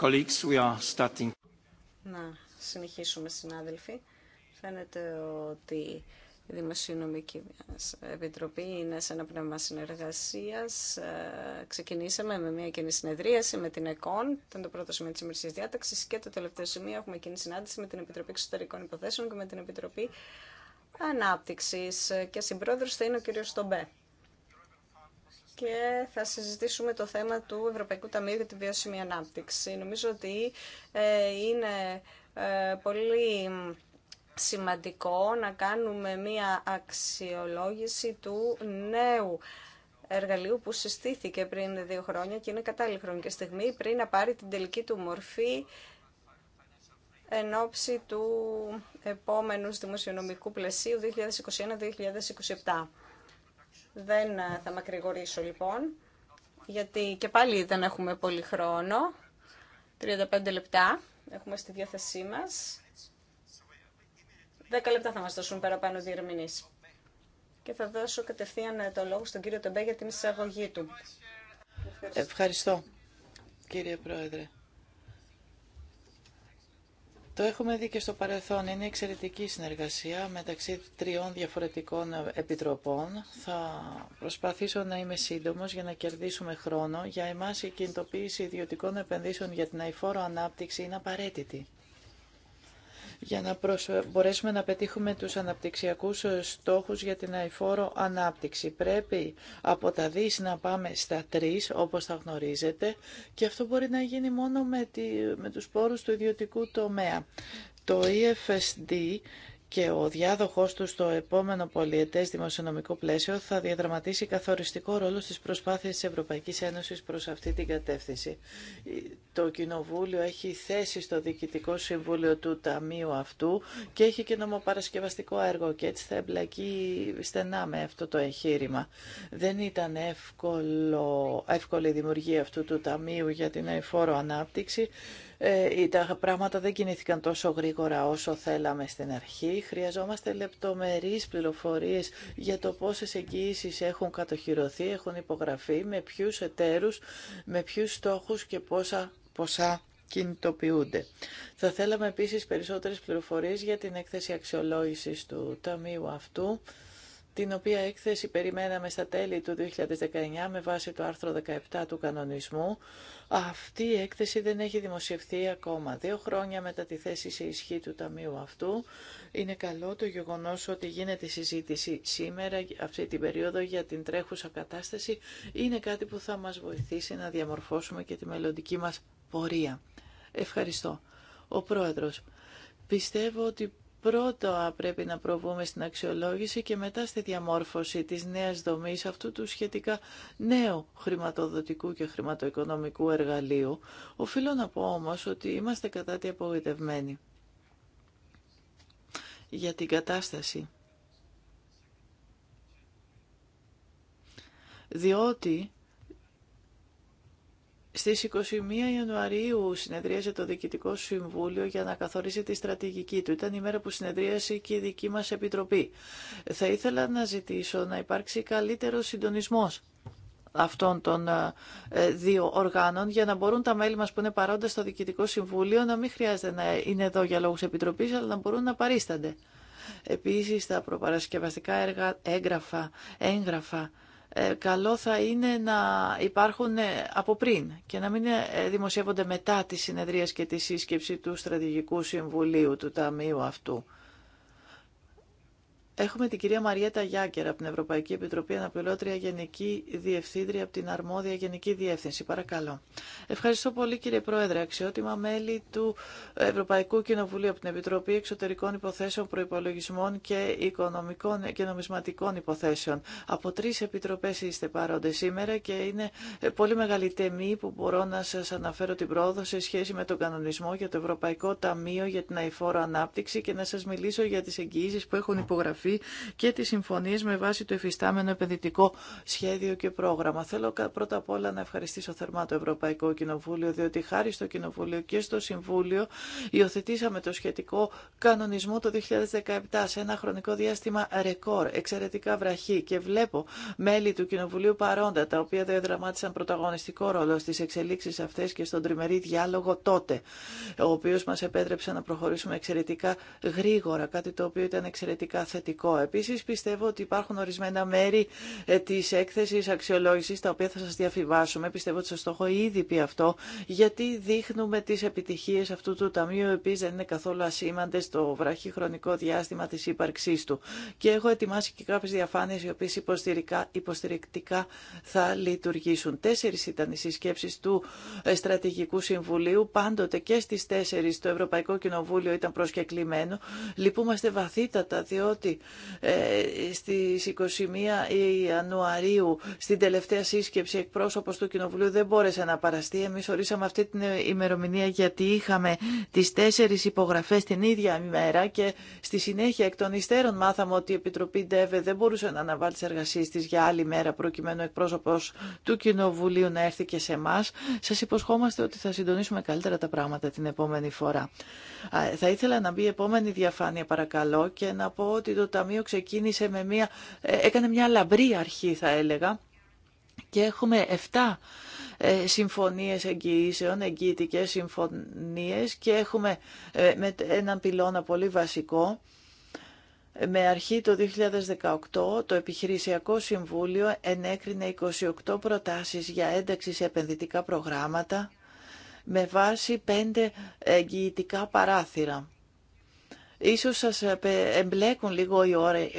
Colleagues, we are starting. Να συνεχίσουμε συνάδελφοι. Φαίνεται ότι η Δημοσιονομική Επιτροπή είναι σε ένα πνεύμα συνεργασία. Ε, ξεκινήσαμε με μια κοινή συνεδρίαση με την ΕΚΟΝ, ήταν το πρώτο σημείο τη ημερησία διάταξη, και το τελευταίο σημείο έχουμε κοινή συνάντηση με την Επιτροπή Εξωτερικών Υποθέσεων και με την Επιτροπή Ανάπτυξη. Και συμπρόεδρο θα είναι ο κ. Στομπέ και θα συζητήσουμε το θέμα του Ευρωπαϊκού Ταμείου για τη Βιώσιμη Ανάπτυξη. Νομίζω ότι ε, είναι ε, πολύ σημαντικό να κάνουμε μία αξιολόγηση του νέου εργαλείου που συστήθηκε πριν δύο χρόνια και είναι κατάλληλη χρονική στιγμή πριν να πάρει την τελική του μορφή εν ώψη του επόμενου δημοσιονομικού πλαισίου 2021-2027. Δεν ε, θα μακρηγορήσω λοιπόν, γιατί και πάλι δεν έχουμε πολύ χρόνο. 35 λεπτά έχουμε στη διάθεσή μας. 10 λεπτά θα μας δώσουν παραπάνω διερμηνείς. Και θα δώσω κατευθείαν ε, το λόγο στον κύριο Τεμπέ για την εισαγωγή του. Ευχαριστώ κύριε Πρόεδρε. Το έχουμε δει και στο παρελθόν. Είναι εξαιρετική συνεργασία μεταξύ τριών διαφορετικών επιτροπών. Θα προσπαθήσω να είμαι σύντομο για να κερδίσουμε χρόνο. Για εμά η κινητοποίηση ιδιωτικών επενδύσεων για την αηφόρο ανάπτυξη είναι απαραίτητη για να μπορέσουμε να πετύχουμε τους αναπτυξιακούς ε, στόχους για την αηφόρο ανάπτυξη. Πρέπει από τα δις να πάμε στα τρεις, όπως θα γνωρίζετε, και αυτό μπορεί να γίνει μόνο με, τη, με τους πόρους του ιδιωτικού τομέα. Το EFSD και ο διάδοχός του στο επόμενο πολιετές δημοσιονομικό πλαίσιο θα διαδραματίσει καθοριστικό ρόλο στις προσπάθειες της Ευρωπαϊκής Ένωσης προς αυτή την κατεύθυνση. Το Κοινοβούλιο έχει θέση στο Διοικητικό Συμβούλιο του Ταμείου αυτού και έχει και νομοπαρασκευαστικό έργο και έτσι θα εμπλακεί στενά με αυτό το εγχείρημα. Δεν ήταν εύκολο, εύκολη η δημιουργία αυτού του Ταμείου για την αηφόρο ανάπτυξη. Ε, τα πράγματα δεν κινήθηκαν τόσο γρήγορα όσο θέλαμε στην αρχή. Χρειαζόμαστε λεπτομερείς πληροφορίες για το πόσες εγγύησεις έχουν κατοχυρωθεί, έχουν υπογραφεί, με ποιους εταίρους, με ποιους στόχους και πόσα ποσά κινητοποιούνται. Θα θέλαμε επίσης περισσότερες πληροφορίες για την έκθεση αξιολόγησης του ταμείου αυτού την οποία έκθεση περιμέναμε στα τέλη του 2019 με βάση το άρθρο 17 του κανονισμού. Αυτή η έκθεση δεν έχει δημοσιευθεί ακόμα. Δύο χρόνια μετά τη θέση σε ισχύ του Ταμείου αυτού, είναι καλό το γεγονός ότι γίνεται συζήτηση σήμερα, αυτή την περίοδο, για την τρέχουσα κατάσταση. Είναι κάτι που θα μας βοηθήσει να διαμορφώσουμε και τη μελλοντική μας πορεία. Ευχαριστώ. Ο Πρόεδρος, πιστεύω ότι Πρώτα πρέπει να προβούμε στην αξιολόγηση και μετά στη διαμόρφωση της νέας δομής αυτού του σχετικά νέου χρηματοδοτικού και χρηματοοικονομικού εργαλείου. Οφείλω να πω όμως ότι είμαστε κατά τη απογοητευμένοι για την κατάσταση. Διότι στις 21 Ιανουαρίου συνεδρίασε το Διοικητικό Συμβούλιο για να καθορίσει τη στρατηγική του. Ήταν η μέρα που συνεδρίασε και η δική μας Επιτροπή. Θα ήθελα να ζητήσω να υπάρξει καλύτερο συντονισμός αυτών των ε, ε, δύο οργάνων για να μπορούν τα μέλη μας που είναι παρόντα στο Διοικητικό Συμβούλιο να μην χρειάζεται να είναι εδώ για λόγους επιτροπής αλλά να μπορούν να παρίστανται. Επίσης τα προπαρασκευαστικά έγγραφα, έγγραφα ε, καλό θα είναι να υπάρχουν ε, από πριν και να μην ε, δημοσιεύονται μετά τις συνεδρίες και τη σύσκεψη του Στρατηγικού Συμβουλίου του Ταμείου αυτού. Έχουμε την κυρία Μαριέτα Γιάκερ από την Ευρωπαϊκή Επιτροπή, αναπληρώτρια Γενική Διευθύντρια από την Αρμόδια Γενική Διεύθυνση. Παρακαλώ. Ευχαριστώ πολύ κύριε Πρόεδρε, αξιότιμα μέλη του Ευρωπαϊκού Κοινοβουλίου από την Επιτροπή Εξωτερικών Υποθέσεων, Προπολογισμών και Οικονομικών και Νομισματικών Υποθέσεων. Από τρει επιτροπέ είστε παρόντε σήμερα και είναι πολύ μεγάλη τιμή που μπορώ να σα αναφέρω την πρόοδο σε σχέση με τον κανονισμό για το Ευρωπαϊκό Ταμείο για την αϊφόρο Ανάπτυξη και να σα μιλήσω για τι εγγυήσει που έχουν υπογραφεί και τις συμφωνίες με βάση το εφιστάμενο επενδυτικό σχέδιο και πρόγραμμα. Θέλω πρώτα απ' όλα να ευχαριστήσω θερμά το Ευρωπαϊκό Κοινοβούλιο, διότι χάρη στο Κοινοβούλιο και στο Συμβούλιο υιοθετήσαμε το σχετικό κανονισμό το 2017 σε ένα χρονικό διάστημα ρεκόρ, εξαιρετικά βραχή και βλέπω μέλη του Κοινοβουλίου παρόντα, τα οποία διαδραμάτισαν πρωταγωνιστικό ρόλο στις εξελίξεις αυτές και στον τριμερή διάλογο τότε, ο οποίος μας επέτρεψε να προχωρήσουμε εξαιρετικά γρήγορα, κάτι το οποίο ήταν εξαιρετικά θετικό σημαντικό. Επίσης πιστεύω ότι υπάρχουν ορισμένα μέρη ε, τη έκθεση αξιολόγηση τα οποία θα σα διαφυβάσουμε. Πιστεύω ότι σα το έχω ήδη πει αυτό γιατί δείχνουμε τι επιτυχίε αυτού του ταμείου επίσης δεν είναι καθόλου ασήμαντες στο βραχή χρονικό διάστημα της ύπαρξής του. Και έχω ετοιμάσει και κάποιε διαφάνειε, οι οποίε υποστηρικτικά θα λειτουργήσουν. Τέσσερι ήταν οι συσκέψει του ε, Στρατηγικού Συμβουλίου. Πάντοτε και στι τέσσερι, το Ευρωπαϊκό Κοινοβούλιο ήταν προσκεκλημένο. Λυπούμαστε βαθύτατα διότι ε, στις 21 Ιανουαρίου στην τελευταία σύσκεψη εκπρόσωπος του Κοινοβουλίου δεν μπόρεσε να παραστεί. Εμείς ορίσαμε αυτή την ημερομηνία γιατί είχαμε τις τέσσερις υπογραφές την ίδια ημέρα και στη συνέχεια εκ των υστέρων μάθαμε ότι η Επιτροπή ΔΕΒΕ δεν μπορούσε να αναβάλει τις εργασίες της για άλλη μέρα προκειμένου εκπρόσωπος του Κοινοβουλίου να έρθει και σε εμά. Σας υποσχόμαστε ότι θα συντονίσουμε καλύτερα τα πράγματα την επόμενη φορά. Θα ήθελα να μπει η επόμενη διαφάνεια παρακαλώ και να πω ότι το Ταμείο ξεκίνησε με μια, ε, έκανε μια λαμπρή αρχή θα έλεγα και έχουμε 7 ε, συμφωνίες εγγυήσεων, εγγυητικές συμφωνίες και έχουμε ε, με έναν πυλώνα πολύ βασικό με αρχή το 2018 το Επιχειρησιακό Συμβούλιο ενέκρινε 28 προτάσεις για ένταξη σε επενδυτικά προγράμματα με βάση 5 εγγυητικά παράθυρα. Ίσως σας ε, εμπλέκουν λίγο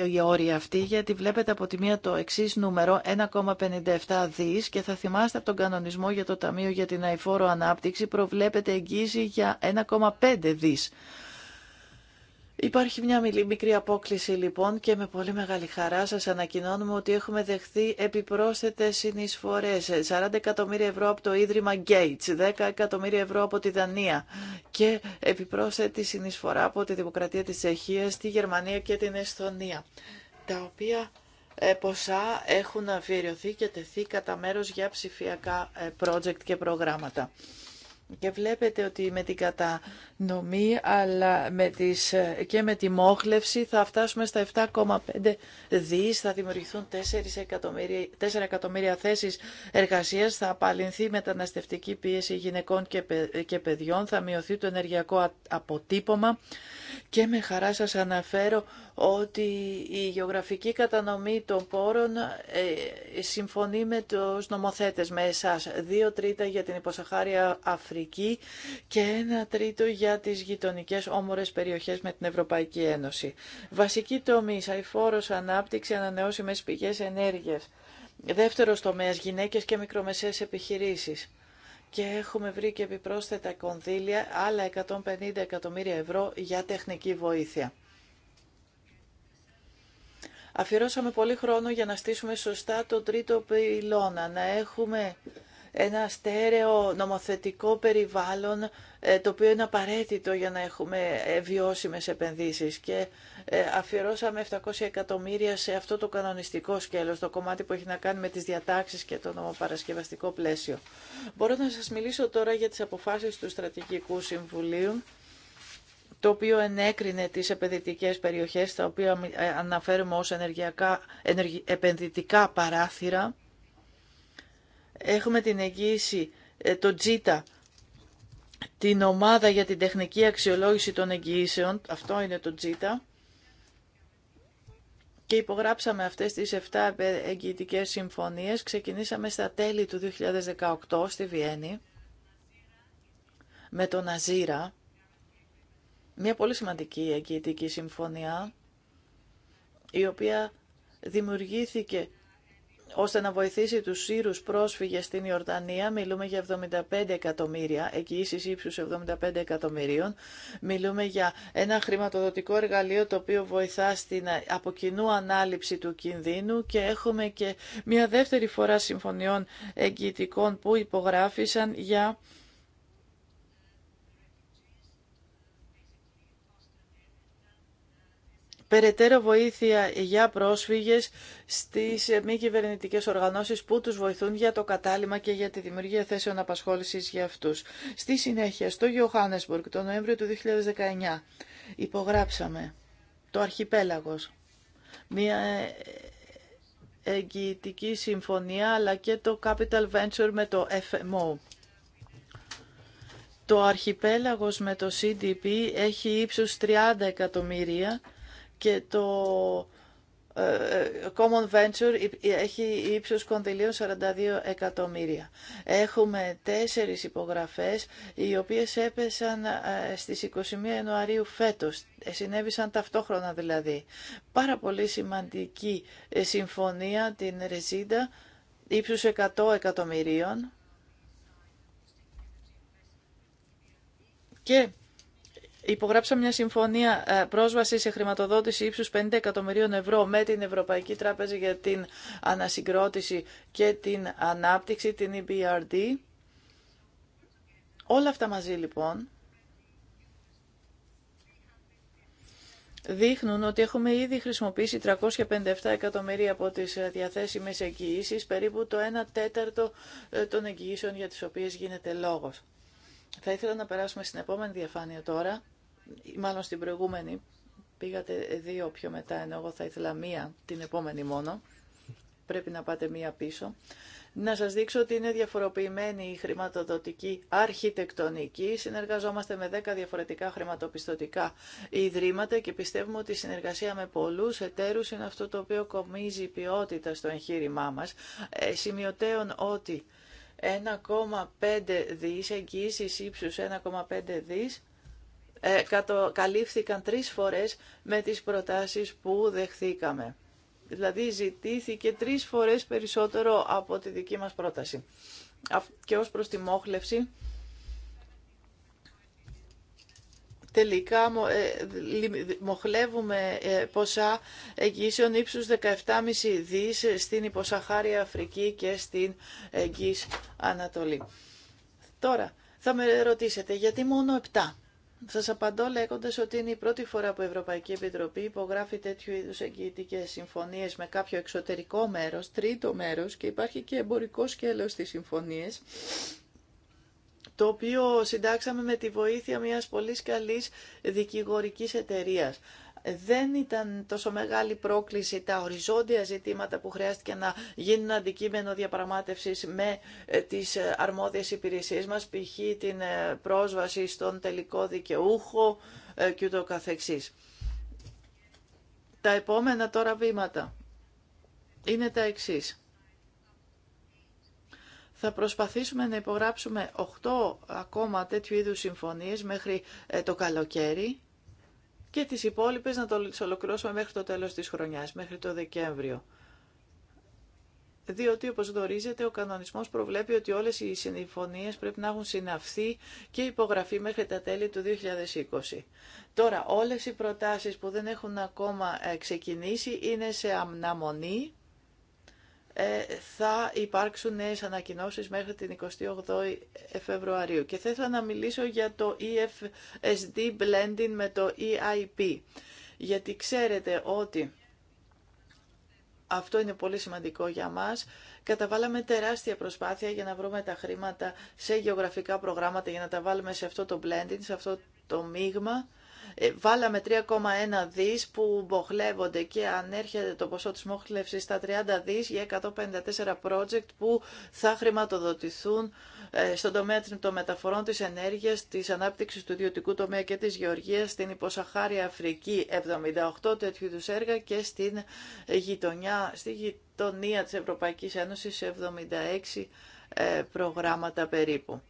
οι όροι αυτοί, γιατί βλέπετε από τη μία το εξή νούμερο, 1,57 δις και θα θυμάστε από τον κανονισμό για το Ταμείο για την Αϊφόρο Ανάπτυξη προβλέπεται εγγύηση για 1,5 δις. Υπάρχει μια μικρή απόκληση λοιπόν και με πολύ μεγάλη χαρά σας ανακοινώνουμε ότι έχουμε δεχθεί επιπρόσθετες συνεισφορές. 40 εκατομμύρια ευρώ από το Ίδρυμα Gates, 10 εκατομμύρια ευρώ από τη Δανία και επιπρόσθετη συνεισφορά από τη Δημοκρατία της Τσεχίας, τη Γερμανία και την Εσθονία, τα οποία ε, ποσά έχουν αφιερωθεί και τεθεί κατά μέρος για ψηφιακά ε, project και προγράμματα. Και βλέπετε ότι με την κατανομή αλλά με τις, και με τη μόχλευση θα φτάσουμε στα 7,5 δις, θα δημιουργηθούν 4 εκατομμύρια, 4 εκατομμύρια θέσεις εργασίας, θα απαλληλθεί μεταναστευτική πίεση γυναικών και παιδιών, θα μειωθεί το ενεργειακό αποτύπωμα και με χαρά σας αναφέρω ότι η γεωγραφική κατανομή των πόρων ε, συμφωνεί με τους νομοθέτες, με εσάς. Δύο τρίτα για την υποσαχάρια Αφρική και ένα τρίτο για τις γειτονικές όμορες περιοχές με την Ευρωπαϊκή Ένωση. Βασική τομή, αϊφόρος, ανάπτυξη, ανανεώσιμες πηγές ενέργειας. Δεύτερος τομέας, γυναίκες και μικρομεσαίες επιχειρήσεις και έχουμε βρει και επιπρόσθετα κονδύλια άλλα 150 εκατομμύρια ευρώ για τεχνική βοήθεια. Αφιερώσαμε πολύ χρόνο για να στήσουμε σωστά το τρίτο πυλώνα, να έχουμε ένα στέρεο νομοθετικό περιβάλλον ε, το οποίο είναι απαραίτητο για να έχουμε ε, βιώσιμες επενδύσεις και ε, αφιερώσαμε 700 εκατομμύρια σε αυτό το κανονιστικό σκέλος, το κομμάτι που έχει να κάνει με τις διατάξεις και το νομοπαρασκευαστικό πλαίσιο. Μπορώ να σας μιλήσω τώρα για τις αποφάσεις του Στρατηγικού Συμβουλίου το οποίο ενέκρινε τις επενδυτικές περιοχές, τα οποία ε, αναφέρουμε ως ενεργειακά, ενεργει, επενδυτικά παράθυρα. Έχουμε την εγγύηση, ε, το τζίτα, την ομάδα για την τεχνική αξιολόγηση των εγγυήσεων, αυτό είναι το τζίτα, και υπογράψαμε αυτές τις 7 εγγυητικές συμφωνίες. Ξεκινήσαμε στα τέλη του 2018 στη Βιέννη με τον Αζίρα, μια πολύ σημαντική εγκυητική συμφωνία, η οποία δημιουργήθηκε ώστε να βοηθήσει τους Σύρους πρόσφυγες στην Ιορδανία. Μιλούμε για 75 εκατομμύρια, εγγυήσεις ύψους 75 εκατομμυρίων. Μιλούμε για ένα χρηματοδοτικό εργαλείο το οποίο βοηθά στην αποκοινού ανάληψη του κινδύνου και έχουμε και μια δεύτερη φορά συμφωνιών εγγυητικών που υπογράφησαν για περαιτέρω βοήθεια για πρόσφυγες στις μη κυβερνητικέ οργανώσεις που τους βοηθούν για το κατάλημα και για τη δημιουργία θέσεων απασχόλησης για αυτούς. Στη συνέχεια, στο Γιωχάνεσμπουργκ, το Νοέμβριο του 2019, υπογράψαμε το Αρχιπέλαγος, μια εγγυητική συμφωνία, αλλά και το Capital Venture με το FMO. Το αρχιπέλαγος με το CDP έχει ύψους 30 εκατομμύρια και το ε, ε, Common Venture έχει ύψος κονδυλίων 42 εκατομμύρια. Έχουμε τέσσερις υπογραφές οι οποίες έπεσαν ε, στις 21 Ιανουαρίου φέτος. Συνέβησαν ταυτόχρονα δηλαδή. Πάρα πολύ σημαντική συμφωνία την Ρεζίντα ύψους 100 εκατομμυρίων και Υπογράψαμε μια συμφωνία ε, πρόσβαση σε χρηματοδότηση ύψους 50 εκατομμυρίων ευρώ με την Ευρωπαϊκή Τράπεζα για την ανασυγκρότηση και την ανάπτυξη, την EBRD. Όλα αυτά μαζί λοιπόν δείχνουν ότι έχουμε ήδη χρησιμοποιήσει 357 εκατομμύρια από τις ε, διαθέσιμες εγγυήσεις, περίπου το 1 τέταρτο ε, των εγγυήσεων για τις οποίες γίνεται λόγος. Θα ήθελα να περάσουμε στην επόμενη διαφάνεια τώρα μάλλον στην προηγούμενη πήγατε δύο πιο μετά, ενώ εγώ θα ήθελα μία την επόμενη μόνο. Πρέπει να πάτε μία πίσω. Να σας δείξω ότι είναι διαφοροποιημένη η χρηματοδοτική αρχιτεκτονική. Συνεργαζόμαστε με 10 διαφορετικά χρηματοπιστωτικά ιδρύματα και πιστεύουμε ότι η συνεργασία με πολλούς εταίρους είναι αυτό το οποίο κομίζει ποιότητα στο εγχείρημά μας. Ε, σημειωτέων ότι 1,5 δις, εγγύησης ύψους 1,5 δις, ε, καλύφθηκαν τρεις φορές με τις προτάσεις που δεχθήκαμε. Δηλαδή ζητήθηκε τρεις φορές περισσότερο από τη δική μας πρόταση. Και ως προς τη μόχλευση, τελικά ε, μοχλεύουμε ε, ποσά εγγύσεων ύψους 17,5 δις στην υποσαχάρια Αφρική και στην εγγύς Ανατολή. Τώρα, θα με ρωτήσετε γιατί μόνο 7 σας απαντώ λέγοντα ότι είναι η πρώτη φορά που η Ευρωπαϊκή Επιτροπή υπογράφει τέτοιου είδους εγγυητικέ συμφωνίες με κάποιο εξωτερικό μέρος, τρίτο μέρος και υπάρχει και εμπορικό σκέλο στι συμφωνίε, το οποίο συντάξαμε με τη βοήθεια μιας πολύ καλής δικηγορικής εταιρείας δεν ήταν τόσο μεγάλη πρόκληση τα οριζόντια ζητήματα που χρειάστηκε να γίνουν αντικείμενο διαπραγμάτευσης με ε, τις ε, αρμόδιες υπηρεσίες μας, π.χ. την ε, πρόσβαση στον τελικό δικαιούχο και το καθεξής. Τα επόμενα τώρα βήματα είναι τα εξής. Θα προσπαθήσουμε να υπογράψουμε 8 ακόμα τέτοιου είδους συμφωνίες μέχρι το καλοκαίρι και τις υπόλοιπες να το ολοκληρώσουμε μέχρι το τέλος της χρονιάς, μέχρι το Δεκέμβριο. Διότι, όπως γνωρίζετε, ο κανονισμός προβλέπει ότι όλες οι συμφωνίες πρέπει να έχουν συναυθεί και υπογραφεί μέχρι τα τέλη του 2020. Τώρα, όλες οι προτάσεις που δεν έχουν ακόμα ε, ξεκινήσει είναι σε αμναμονή ε, θα υπάρξουν νέες ανακοινώσεις μέχρι την 28 Φεβρουαρίου. Και θα ήθελα να μιλήσω για το EFSD blending με το EIP, γιατί ξέρετε ότι αυτό είναι πολύ σημαντικό για μας. Καταβάλαμε τεράστια προσπάθεια για να βρούμε τα χρήματα σε γεωγραφικά προγράμματα, για να τα βάλουμε σε αυτό το blending, σε αυτό το μείγμα. Ε, βάλαμε 3,1 δις που μποχλεύονται και ανέρχεται το ποσό της μόχλευσης στα 30 δις για 154 project που θα χρηματοδοτηθούν ε, στον τομέα των μεταφορών της ενέργειας, της ανάπτυξης του ιδιωτικού τομέα και της γεωργίας στην υποσαχάρια Αφρική 78 τέτοιου είδους έργα και στην γειτονιά, στη γειτονία της Ευρωπαϊκής Ένωσης 76 ε, προγράμματα περίπου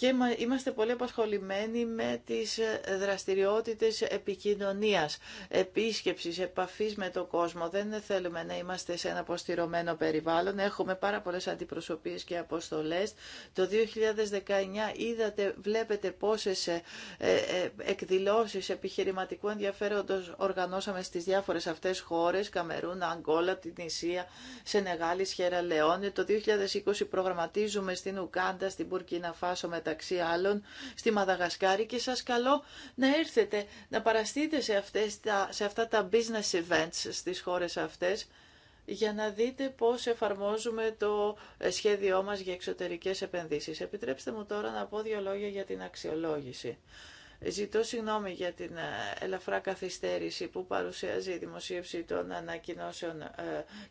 και είμαστε πολύ απασχολημένοι με τις ε, δραστηριότητες επικοινωνίας, επίσκεψης, επαφής με το κόσμο. Δεν θέλουμε να είμαστε σε ένα αποστηρωμένο περιβάλλον. Έχουμε πάρα πολλές αντιπροσωπείες και αποστολές. Το 2019 είδατε, βλέπετε πόσες ε, ε, εκδηλώσεις επιχειρηματικού ενδιαφέροντος οργανώσαμε στις διάφορες αυτές χώρες, Καμερούν, Αγκόλα, την Ισία, Σενεγάλη, Σχέρα Λεόνε. Το 2020 προγραμματίζουμε στην Ουκάντα, στην Μπουρκίνα Φάσο, μεταξύ μεταξύ άλλων στη Μαδαγασκάρη και σας καλώ να έρθετε να παραστείτε σε, αυτές τα, σε αυτά τα business events στις χώρες αυτές για να δείτε πώς εφαρμόζουμε το ε, σχέδιό μας για εξωτερικές επενδύσεις. Επιτρέψτε μου τώρα να πω δύο λόγια για την αξιολόγηση. Ζητώ συγγνώμη για την ε, ελαφρά καθυστέρηση που παρουσιάζει η δημοσίευση των ανακοινώσεων ε,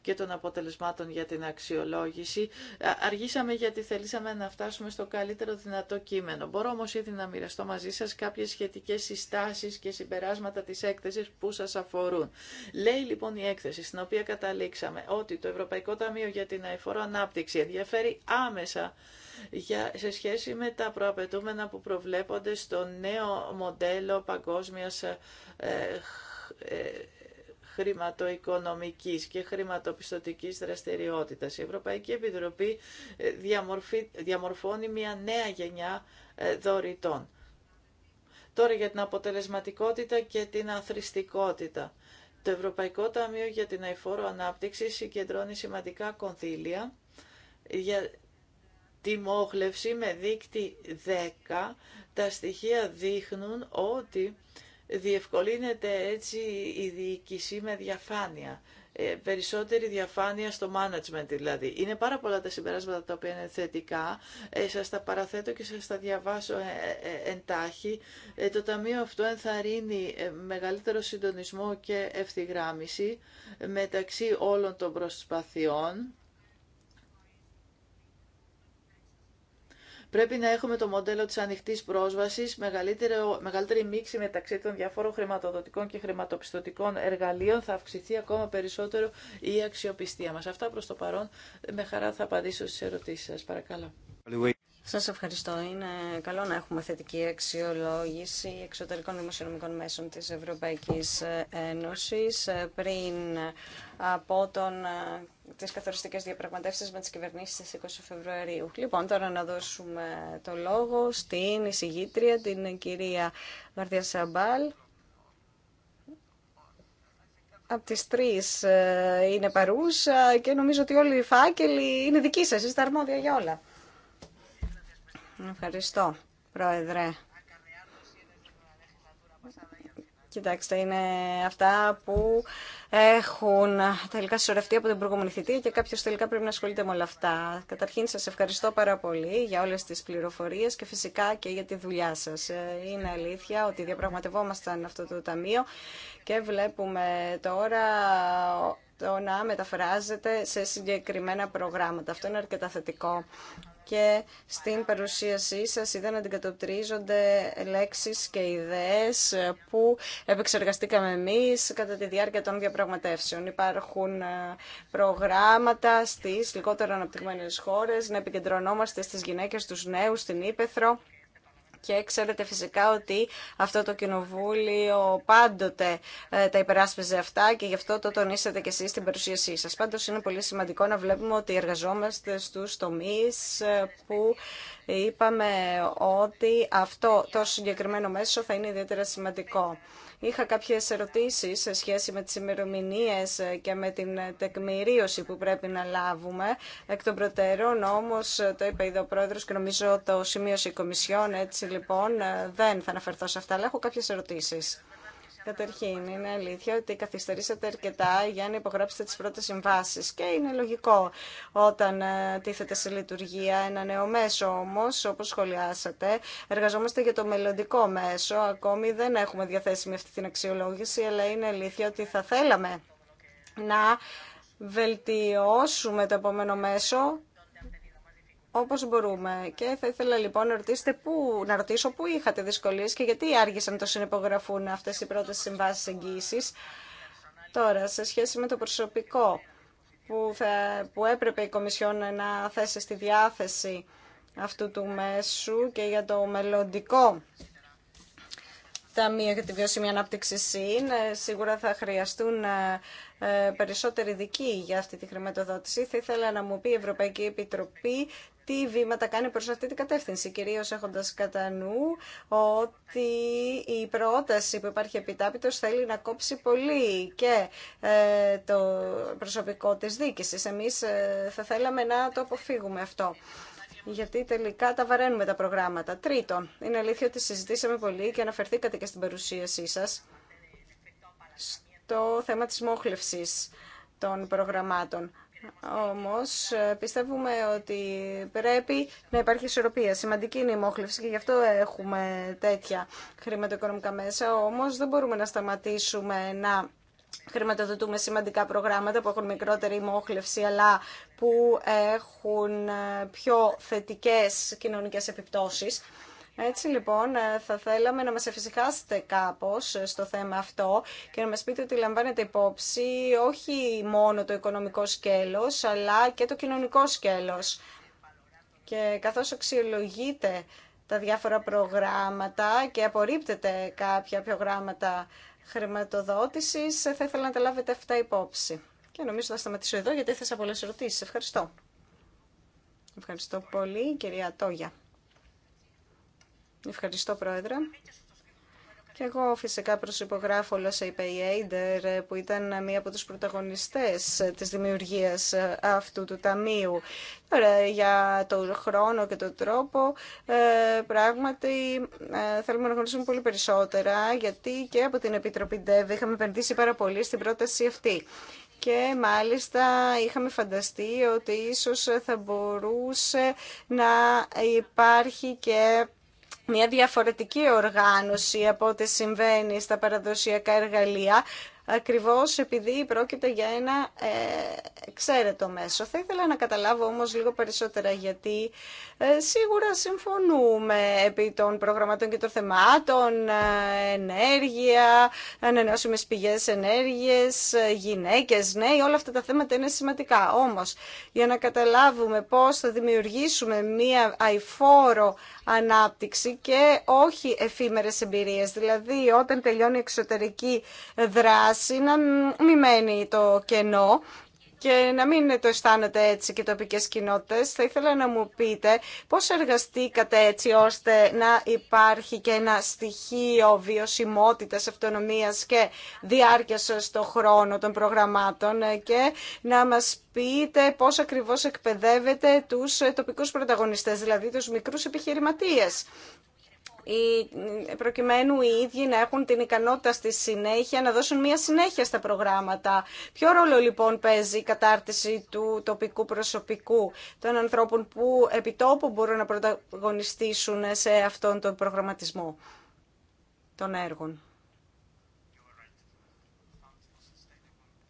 και των αποτελεσμάτων για την αξιολόγηση. Ε, αργήσαμε γιατί θελήσαμε να φτάσουμε στο καλύτερο δυνατό κείμενο. Μπορώ όμως ήδη να μοιραστώ μαζί σας κάποιες σχετικές συστάσεις και συμπεράσματα της έκθεσης που σας αφορούν. Λέει λοιπόν η έκθεση στην οποία καταλήξαμε ότι το Ευρωπαϊκό Ταμείο για την Αεφορό Ανάπτυξη ενδιαφέρει άμεσα σε σχέση με τα προαπαιτούμενα που προβλέπονται στο νέο μοντέλο παγκόσμιας ε, ε, ε, χρηματοοικονομικής και χρηματοπιστωτικής δραστηριότητας. Η Ευρωπαϊκή Επιτροπή διαμορφώνει μια νέα γενιά δωρητών. Τώρα για την αποτελεσματικότητα και την αθρηστικότητα. Το Ευρωπαϊκό Ταμείο για την Αϊφόρο Ανάπτυξη συγκεντρώνει σημαντικά κονδύλια για τη μόχλευση με δίκτυ 10 τα στοιχεία δείχνουν ότι διευκολύνεται έτσι η διοίκηση με διαφάνεια. Ε, περισσότερη διαφάνεια στο management δηλαδή. Είναι πάρα πολλά τα συμπεράσματα τα οποία είναι θετικά. Ε, σας τα παραθέτω και σας τα διαβάσω ε, εντάχει. Το Ταμείο αυτό ενθαρρύνει μεγαλύτερο συντονισμό και ευθυγράμμιση μεταξύ όλων των προσπαθειών Πρέπει να έχουμε το μοντέλο της ανοιχτής πρόσβασης, μεγαλύτερη μίξη μεταξύ των διαφόρων χρηματοδοτικών και χρηματοπιστωτικών εργαλείων. Θα αυξηθεί ακόμα περισσότερο η αξιοπιστία μας. Αυτά προς το παρόν. Με χαρά θα απαντήσω στις ερωτήσεις σας. Παρακαλώ. Σας ευχαριστώ. Είναι καλό να έχουμε θετική αξιολόγηση εξωτερικών δημοσιονομικών μέσων της Ευρωπαϊκής Ένωσης πριν από τον, τις καθοριστικές διαπραγματεύσεις με τις κυβερνήσεις στις 20 Φεβρουαρίου. Λοιπόν, τώρα να δώσουμε το λόγο στην εισηγήτρια, την κυρία Βαρδία Σαμπάλ. Από τις τρεις ε, είναι παρούσα και νομίζω ότι όλοι οι φάκελοι είναι δικοί σας, είστε αρμόδια για όλα. Ευχαριστώ, Πρόεδρε. Κοιτάξτε, είναι αυτά που έχουν τελικά συσσωρευτεί από την προηγούμενη θητεία και κάποιο τελικά πρέπει να ασχολείται με όλα αυτά. Καταρχήν, σα ευχαριστώ πάρα πολύ για όλε τι πληροφορίε και φυσικά και για τη δουλειά σα. Ε, είναι αλήθεια ότι διαπραγματευόμασταν αυτό το ταμείο και βλέπουμε τώρα το να μεταφράζεται σε συγκεκριμένα προγράμματα. Αυτό είναι αρκετά θετικό και στην παρουσίασή σας είδα να αντικατοπτρίζονται λέξεις και ιδέες που επεξεργαστήκαμε εμείς κατά τη διάρκεια των διαπραγματεύσεων. Υπάρχουν ε, προγράμματα στις λιγότερο αναπτυγμένες χώρες, να επικεντρωνόμαστε στις γυναίκες, τους νέους, στην Ήπεθρο και ξέρετε φυσικά ότι αυτό το κοινοβούλιο πάντοτε ε, τα υπεράσπιζε αυτά και γι' αυτό το τονίσατε κι εσείς στην παρουσίασή σας. Πάντως είναι πολύ σημαντικό να βλέπουμε ότι εργαζόμαστε στους τομείς ε, που είπαμε ότι αυτό το συγκεκριμένο μέσο θα είναι ιδιαίτερα σημαντικό. Είχα κάποιες ερωτήσεις σε σχέση με τις ημερομηνίε και με την τεκμηρίωση που πρέπει να λάβουμε. Εκ των προτέρων όμως το είπε εδώ ο Πρόεδρος και νομίζω το σημείωσε η Κομισιόν. Έτσι λοιπόν δεν θα αναφερθώ σε αυτά, αλλά έχω κάποιες ερωτήσεις. Καταρχήν, είναι αλήθεια ότι καθυστερήσατε αρκετά για να υπογράψετε τις πρώτες συμβάσεις και είναι λογικό όταν ε, τίθεται σε λειτουργία ένα νέο μέσο όμως, όπως σχολιάσατε, εργαζόμαστε για το μελλοντικό μέσο, ακόμη δεν έχουμε διαθέσιμη αυτή την αξιολόγηση, αλλά είναι αλήθεια ότι θα θέλαμε να βελτιώσουμε το επόμενο μέσο όπως μπορούμε. Και θα ήθελα λοιπόν να, πού, να ρωτήσω πού είχατε δυσκολίες και γιατί άργησαν να το συνυπογραφούν αυτές οι πρώτες συμβάσεις εγγύησης. Τώρα, σε σχέση με το προσωπικό που, θα, που έπρεπε η Κομισιόν να θέσει στη διάθεση αυτού του μέσου και για το μελλοντικό Ταμείο για τη Βιώσιμη Ανάπτυξη ΣΥΝ. Ε, σίγουρα θα χρειαστούν ε, ε, περισσότεροι δικοί για αυτή τη χρηματοδότηση. Θα ήθελα να μου πει η Ευρωπαϊκή Επιτροπή τι βήματα κάνει προς αυτή την κατεύθυνση, κυρίως έχοντας κατά νου ότι η πρόταση που υπάρχει επιτάπητος θέλει να κόψει πολύ και ε, το προσωπικό της διοίκησης. Εμείς ε, θα θέλαμε να το αποφύγουμε αυτό γιατί τελικά τα βαραίνουμε τα προγράμματα. Τρίτον, είναι αλήθεια ότι συζητήσαμε πολύ και αναφερθήκατε και στην παρουσίασή σας στο θέμα της μόχλευσης των προγραμμάτων. Όμως ε, πιστεύουμε ότι πρέπει να υπάρχει ισορροπία. Σημαντική είναι η μόχλευση και γι' αυτό έχουμε τέτοια χρηματοοικονομικά μέσα. Όμως δεν μπορούμε να σταματήσουμε να χρηματοδοτούμε σημαντικά προγράμματα που έχουν μικρότερη μόχλευση αλλά που έχουν ε, πιο θετικές κοινωνικές επιπτώσεις. Έτσι λοιπόν ε, θα θέλαμε να μας εφησυχάσετε κάπως ε, στο θέμα αυτό και να μας πείτε ότι λαμβάνετε υπόψη όχι μόνο το οικονομικό σκέλος αλλά και το κοινωνικό σκέλος. Και καθώς αξιολογείτε τα διάφορα προγράμματα και απορρίπτετε κάποια προγράμματα χρηματοδότησης, ε, θα ήθελα να τα λάβετε αυτά υπόψη. Και νομίζω θα σταματήσω εδώ γιατί ήθελα πολλές ερωτήσεις. Ευχαριστώ. Ευχαριστώ πολύ κυρία Τόγια. Ευχαριστώ, Πρόεδρε. Και εγώ φυσικά προσυπογράφω όλα σε είπε η που ήταν μία από τους πρωταγωνιστές της δημιουργίας αυτού του ταμείου. Τώρα για το χρόνο και τον τρόπο ε, πράγματι ε, θέλουμε να γνωρίσουμε πολύ περισσότερα γιατί και από την Επιτροπή ΔΕΒ είχαμε επενδύσει πάρα πολύ στην πρόταση αυτή. Και μάλιστα είχαμε φανταστεί ότι ίσως θα μπορούσε να υπάρχει και μια διαφορετική οργάνωση από ό,τι συμβαίνει στα παραδοσιακά εργαλεία ακριβώς επειδή πρόκειται για ένα ε, εξαίρετο μέσο. Θα ήθελα να καταλάβω όμως λίγο περισσότερα γιατί ε, σίγουρα συμφωνούμε επί των προγραμματών και των θεμάτων, ε, ενέργεια, ανανεώσιμες πηγές ενέργειες, γυναίκες, νέοι, όλα αυτά τα θέματα είναι σημαντικά. Όμως, για να καταλάβουμε πώς θα δημιουργήσουμε μία αηφόρο ανάπτυξη και όχι εφήμερες εμπειρίες, δηλαδή όταν τελειώνει η εξωτερική δράση, μας να μην μένει το κενό και να μην το αισθάνεται έτσι και τοπικές κοινότητες. Θα ήθελα να μου πείτε πώς εργαστήκατε έτσι ώστε να υπάρχει και ένα στοιχείο βιωσιμότητας, αυτονομίας και διάρκειας στο χρόνο των προγραμμάτων και να μας πείτε πώς ακριβώς εκπαιδεύετε τους τοπικούς πρωταγωνιστές, δηλαδή τους μικρούς επιχειρηματίες. Ε, προκειμένου οι ίδιοι να έχουν την ικανότητα στη συνέχεια να δώσουν μια συνέχεια στα προγράμματα. Ποιο ρόλο λοιπόν παίζει η κατάρτιση του τοπικού προσωπικού των ανθρώπων που επιτόπου μπορούν να πρωταγωνιστήσουν σε αυτόν τον προγραμματισμό των έργων.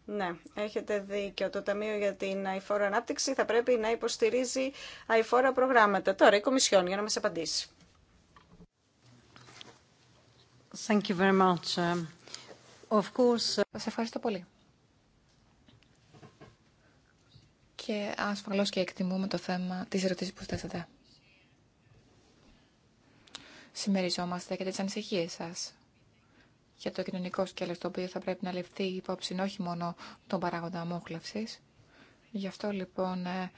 Ναι, έχετε δίκιο. Το Ταμείο για την Αϊφόρα Ανάπτυξη θα πρέπει να υποστηρίζει αϊφόρα προγράμματα. Τώρα η Κομισιόν για να μας απαντήσει. Thank um, uh, Σας ευχαριστώ πολύ. Και ασφαλώς και εκτιμούμε το θέμα της ερωτήσης που θέσατε. Συμμεριζόμαστε και τις ανησυχίες σας για το κοινωνικό σκέλος το οποίο θα πρέπει να ληφθεί υπόψη όχι μόνο τον παράγοντα αμόχλευσης. Γι' αυτό λοιπόν ε,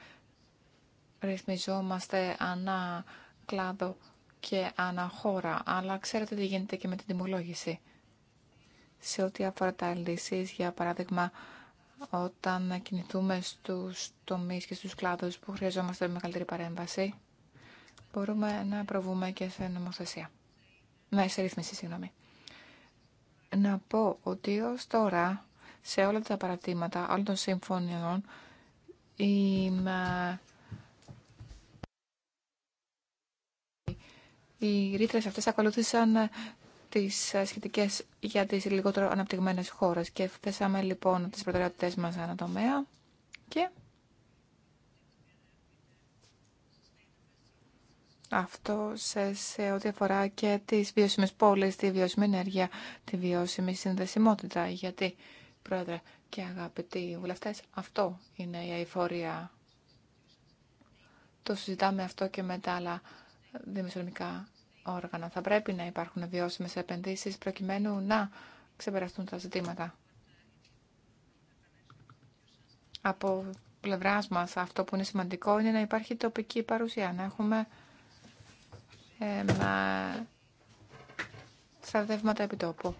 ρυθμιζόμαστε ανά κλάδο και αναχώρα, αλλά ξέρετε τι γίνεται και με την τιμολόγηση. Σε ό,τι αφορά τα λύσεις, για παράδειγμα, όταν κινηθούμε στους τομείς και στους κλάδους που χρειαζόμαστε μεγαλύτερη παρέμβαση, μπορούμε να προβούμε και σε νομοθεσία. Ναι, σε ρύθμιση, Να πω ότι ω τώρα, σε όλα τα παρατήματα όλων των συμφωνιών, η Οι ρήτρε αυτές ακολούθησαν ε, τις ε, σχετικέ για τις λιγότερο αναπτυγμένες χώρες και θέσαμε λοιπόν τις προτεραιότητες μας ανά τομέα και αυτό σε, σε ό,τι αφορά και τις βιώσιμες πόλεις, τη βιώσιμη ενέργεια, τη βιώσιμη συνδεσιμότητα γιατί πρόεδρε και αγαπητοί βουλευτές αυτό είναι η αηφορία το συζητάμε αυτό και με τα άλλα δημοσιονομικά όργανα. Θα πρέπει να υπάρχουν βιώσιμε επενδύσει προκειμένου να ξεπεραστούν τα ζητήματα. Από πλευρά μα αυτό που είναι σημαντικό είναι να υπάρχει τοπική παρουσία, να έχουμε ε, με... στρατεύματα επιτόπου.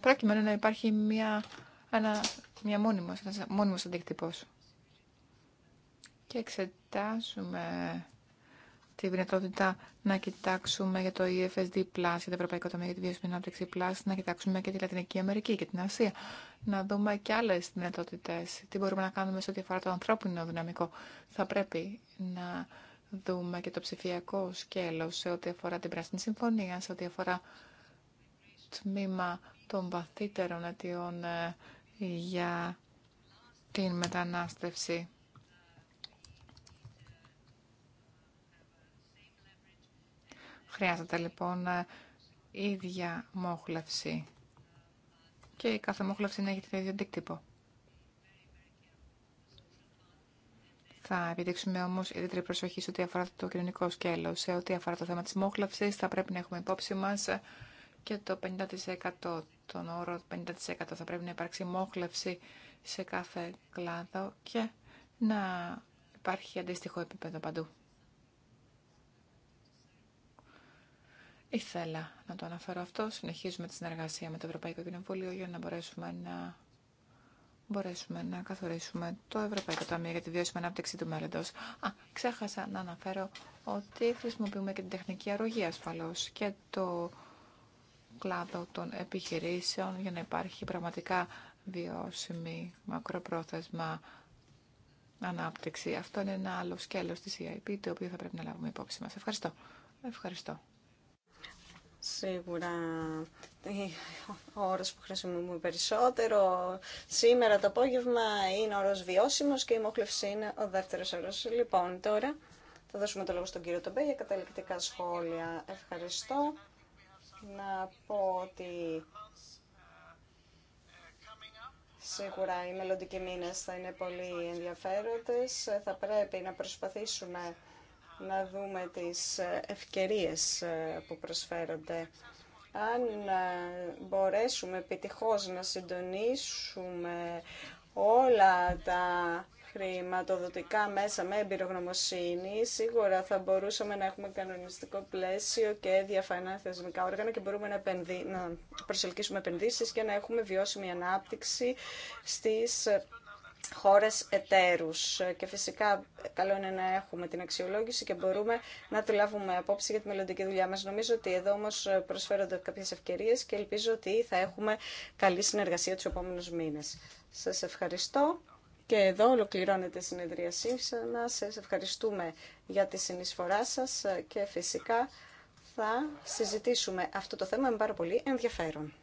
Προκειμένου να υπάρχει μια, ένα, μια μόνιμος, μόνιμος αντίκτυπος. Και εξετάζουμε τη δυνατότητα να κοιτάξουμε για το EFSD+, για το Ευρωπαϊκό Ταμείο για τη Βιώσιμη Ανάπτυξη+, να κοιτάξουμε και τη Λατινική Αμερική και την Ασία, να δούμε και άλλε δυνατότητε. τι μπορούμε να κάνουμε σε ό,τι αφορά το ανθρώπινο δυναμικό. Θα πρέπει να δούμε και το ψηφιακό σκέλο σε ό,τι αφορά την Πράσινη Συμφωνία, σε ό,τι αφορά τμήμα των βαθύτερων αιτιών ε, για την μετανάστευση. Χρειάζεται λοιπόν ε, ίδια μόχλευση και η κάθε μόχλευση να έχει το ίδιο αντίκτυπο. Θα επιδείξουμε όμως ιδιαίτερη προσοχή σε ό,τι αφορά το κοινωνικό σκέλος. Σε ό,τι αφορά το θέμα της μόχλευσης θα πρέπει να έχουμε υπόψη μας και το 50%. Τον όρο 50% θα πρέπει να υπάρξει μόχλευση σε κάθε κλάδο και να υπάρχει αντίστοιχο επίπεδο παντού. Ήθελα να το αναφέρω αυτό. Συνεχίζουμε τη συνεργασία με το Ευρωπαϊκό Κοινοβούλιο για να μπορέσουμε να, μπορέσουμε να καθορίσουμε το Ευρωπαϊκό Ταμείο για τη βιώσιμη ανάπτυξη του μέλλοντος. Α, ξέχασα να αναφέρω ότι χρησιμοποιούμε και την τεχνική αρρωγή ασφαλώ και το κλάδο των επιχειρήσεων για να υπάρχει πραγματικά βιώσιμη μακροπρόθεσμα ανάπτυξη. Αυτό είναι ένα άλλο σκέλος της EIP το οποίο θα πρέπει να λάβουμε υπόψη μας. Ευχαριστώ. Ευχαριστώ. Σίγουρα ο όρος που χρησιμοποιούμε περισσότερο σήμερα το απόγευμα είναι ο όρος βιώσιμος και η μόχλευση είναι ο δεύτερος όρος. Λοιπόν, τώρα θα δώσουμε το λόγο στον κύριο Τομπέ για καταληκτικά σχόλια. Ευχαριστώ. Να πω ότι σίγουρα οι μελλοντικοί μήνες θα είναι πολύ ενδιαφέροντες. Θα πρέπει να προσπαθήσουμε να δούμε τις ε, ευκαιρίες ε, που προσφέρονται. Αν ε, μπορέσουμε επιτυχώς να συντονίσουμε όλα τα χρηματοδοτικά μέσα με εμπειρογνωμοσύνη, σίγουρα θα μπορούσαμε να έχουμε κανονιστικό πλαίσιο και διαφανά θεσμικά όργανα και μπορούμε να, επενδύ, να προσελκύσουμε επενδύσεις και να έχουμε βιώσιμη ανάπτυξη στις χώρες εταίρους και φυσικά καλό είναι να έχουμε την αξιολόγηση και μπορούμε να τη λάβουμε απόψη για τη μελλοντική δουλειά μας. Νομίζω ότι εδώ όμως προσφέρονται κάποιες ευκαιρίες και ελπίζω ότι θα έχουμε καλή συνεργασία τους επόμενους μήνες. Σας ευχαριστώ. Και εδώ ολοκληρώνεται η συνεδρίασή σύμφωνα. Σας ευχαριστούμε για τη συνεισφορά σας και φυσικά θα συζητήσουμε αυτό το θέμα με πάρα πολύ ενδιαφέρον.